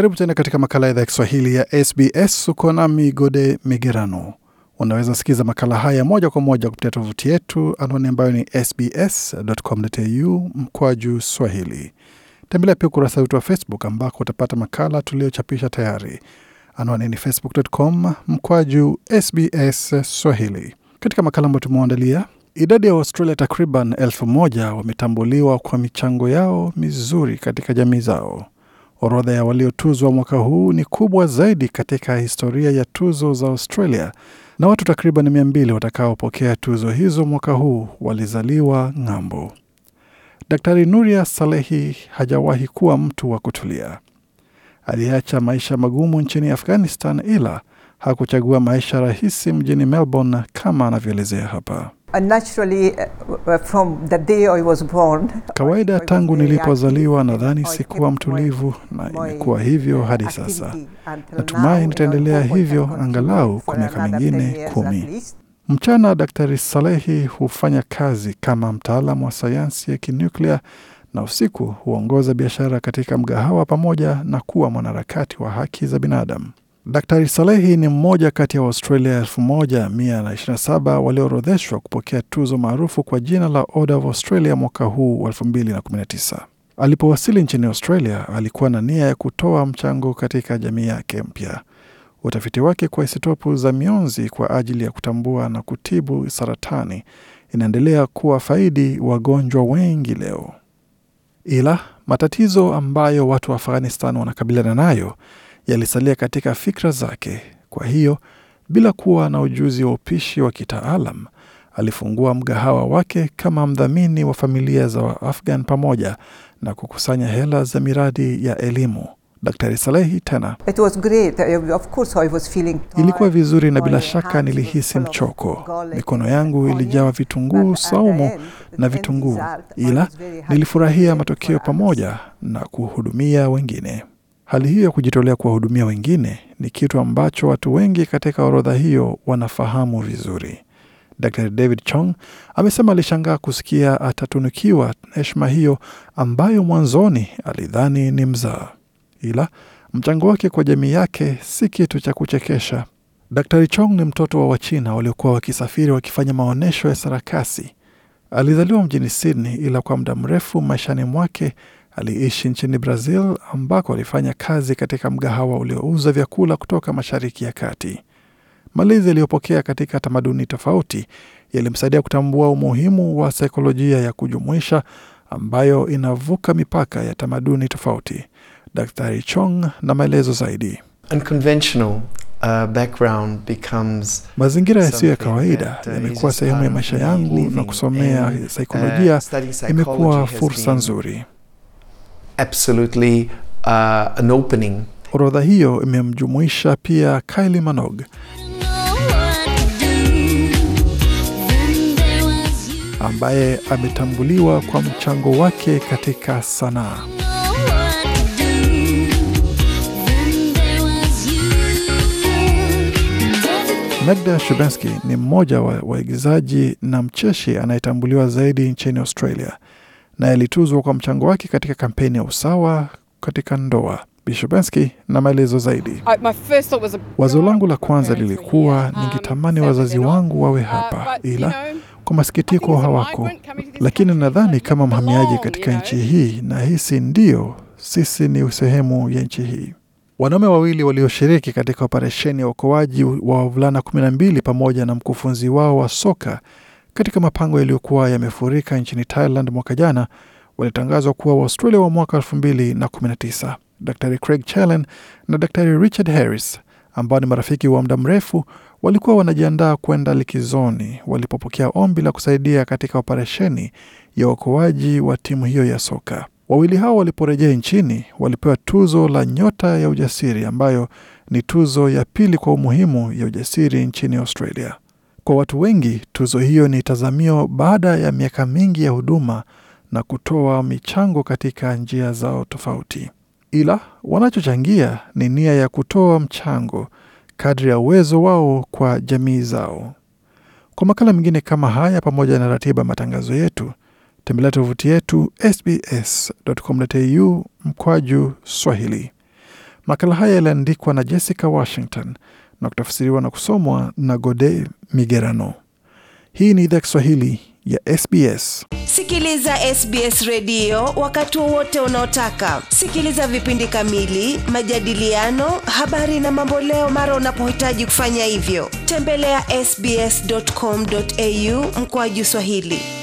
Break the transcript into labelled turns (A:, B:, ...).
A: Karibu tena katika makala ya idhaa ya Kiswahili ya SBS. Uko nami Gode Migerano. Unaweza sikiza makala haya moja kwa moja kupitia tovuti yetu, anwani ambayo ni sbs.com.au mkwaju swahili. Tembelea pia ukurasa wetu wa Facebook ambako utapata makala tuliochapisha tayari, anwani ni facebook.com mkwaju sbs swahili. Katika makala ambayo tumeuandalia idadi ya Waustralia takriban elfu moja wametambuliwa kwa michango yao mizuri katika jamii zao. Orodha ya waliotuzwa mwaka huu ni kubwa zaidi katika historia ya tuzo za Australia, na watu takriban 200 watakaopokea tuzo hizo mwaka huu walizaliwa ng'ambo. Daktari Nuria Salehi hajawahi kuwa mtu wa kutulia. Aliacha maisha magumu nchini Afghanistan, ila hakuchagua maisha rahisi mjini Melbourne, kama anavyoelezea hapa. Uh, uh, Kawaida tangu nilipozaliwa, nadhani sikuwa mtulivu na imekuwa hivyo hadi sasa. Natumai nitaendelea hivyo angalau kwa miaka mingine kumi. Mchana Daktari Salehi hufanya kazi kama mtaalamu wa sayansi ya kinuklia na usiku huongoza biashara katika mgahawa pamoja na kuwa mwanaharakati wa haki za binadamu. Daktari Salehi ni mmoja kati ya Waustralia 1127 walioorodheshwa kupokea tuzo maarufu kwa jina la Order of Australia mwaka huu wa 2019. Alipowasili nchini Australia, alikuwa na nia ya kutoa mchango katika jamii yake mpya. Utafiti wake kwa isotopu za mionzi kwa ajili ya kutambua na kutibu saratani inaendelea kuwa faidi wagonjwa wengi leo, ila matatizo ambayo watu wa Afghanistan wanakabiliana nayo yalisalia katika fikra zake. Kwa hiyo, bila kuwa na ujuzi wa upishi wa kitaalam, alifungua mgahawa wake kama mdhamini wa familia za Waafghan pamoja na kukusanya hela za miradi ya elimu. dr Salehi tena, It was great. Of course I was feeling... ilikuwa vizuri na bila shaka nilihisi mchoko. Mikono yangu ilijawa vitunguu saumu na vitunguu, ila nilifurahia matokeo pamoja na kuhudumia wengine. Hali hiyo ya kujitolea kuwahudumia wengine ni kitu ambacho watu wengi katika orodha hiyo wanafahamu vizuri. Dr David Chong amesema alishangaa kusikia atatunukiwa heshima hiyo ambayo mwanzoni alidhani ni mzaa, ila mchango wake kwa jamii yake si kitu cha kuchekesha. Dr Chong ni mtoto wa Wachina waliokuwa wakisafiri wakifanya maonyesho ya sarakasi. Alizaliwa mjini Sydney, ila kwa muda mrefu maishani mwake Aliishi nchini Brazil ambako alifanya kazi katika mgahawa uliouza vyakula kutoka Mashariki ya Kati. Malezi aliyopokea katika tamaduni tofauti yalimsaidia kutambua umuhimu wa saikolojia ya kujumuisha ambayo inavuka mipaka ya tamaduni tofauti. dr Chong na maelezo zaidi. Uh, background becomes mazingira yasiyo ya kawaida uh, yamekuwa sehemu ya maisha yangu na kusomea uh, saikolojia imekuwa fursa nzuri absolutely uh, an opening. Orodha hiyo imemjumuisha pia Kylie Minogue ambaye ametambuliwa kwa mchango wake katika sanaa. Magda shubenski ni mmoja wa waigizaji na mcheshi anayetambuliwa zaidi nchini Australia na yalituzwa kwa mchango wake katika kampeni ya usawa katika ndoa. Bishobenski na maelezo zaidi. Wazo langu la kwanza lilikuwa um, ningetamani wazazi wangu wawe hapa, uh, ila kwa masikitiko hawako, lakini nadhani kama mhamiaji katika nchi hii, na hisi ndio sisi ni sehemu ya nchi hii. Wanaume wawili walioshiriki katika operesheni ya uokoaji wa wavulana 12 pamoja na mkufunzi wao wa soka katika mapango yaliyokuwa yamefurika nchini Thailand mwaka jana walitangazwa kuwa Waustralia wa mwaka 2019. Daktari Craig Chalen na dktri Richard Harris ambao ni marafiki wa muda mrefu walikuwa wanajiandaa kwenda likizoni walipopokea ombi la kusaidia katika operesheni ya uokoaji wa timu hiyo ya soka. Wawili hao waliporejea nchini walipewa tuzo la nyota ya ujasiri ambayo ni tuzo ya pili kwa umuhimu ya ujasiri nchini Australia. Kwa watu wengi, tuzo hiyo ni tazamio baada ya miaka mingi ya huduma na kutoa michango katika njia zao tofauti, ila wanachochangia ni nia ya kutoa mchango kadri ya uwezo wao kwa jamii zao. Kwa makala mengine kama haya, pamoja na ratiba matangazo yetu, tembelea tovuti yetu sbs.com.au mkwaju Swahili. Makala haya yaliandikwa na Jessica Washington na kutafsiriwa na kusomwa na Gode Migerano. Hii ni idhaa Kiswahili ya SBS. Sikiliza SBS redio wakati wowote unaotaka. Sikiliza vipindi kamili, majadiliano, habari na mamboleo mara unapohitaji kufanya hivyo. Tembelea ya sbs.com.au mkoaji Swahili.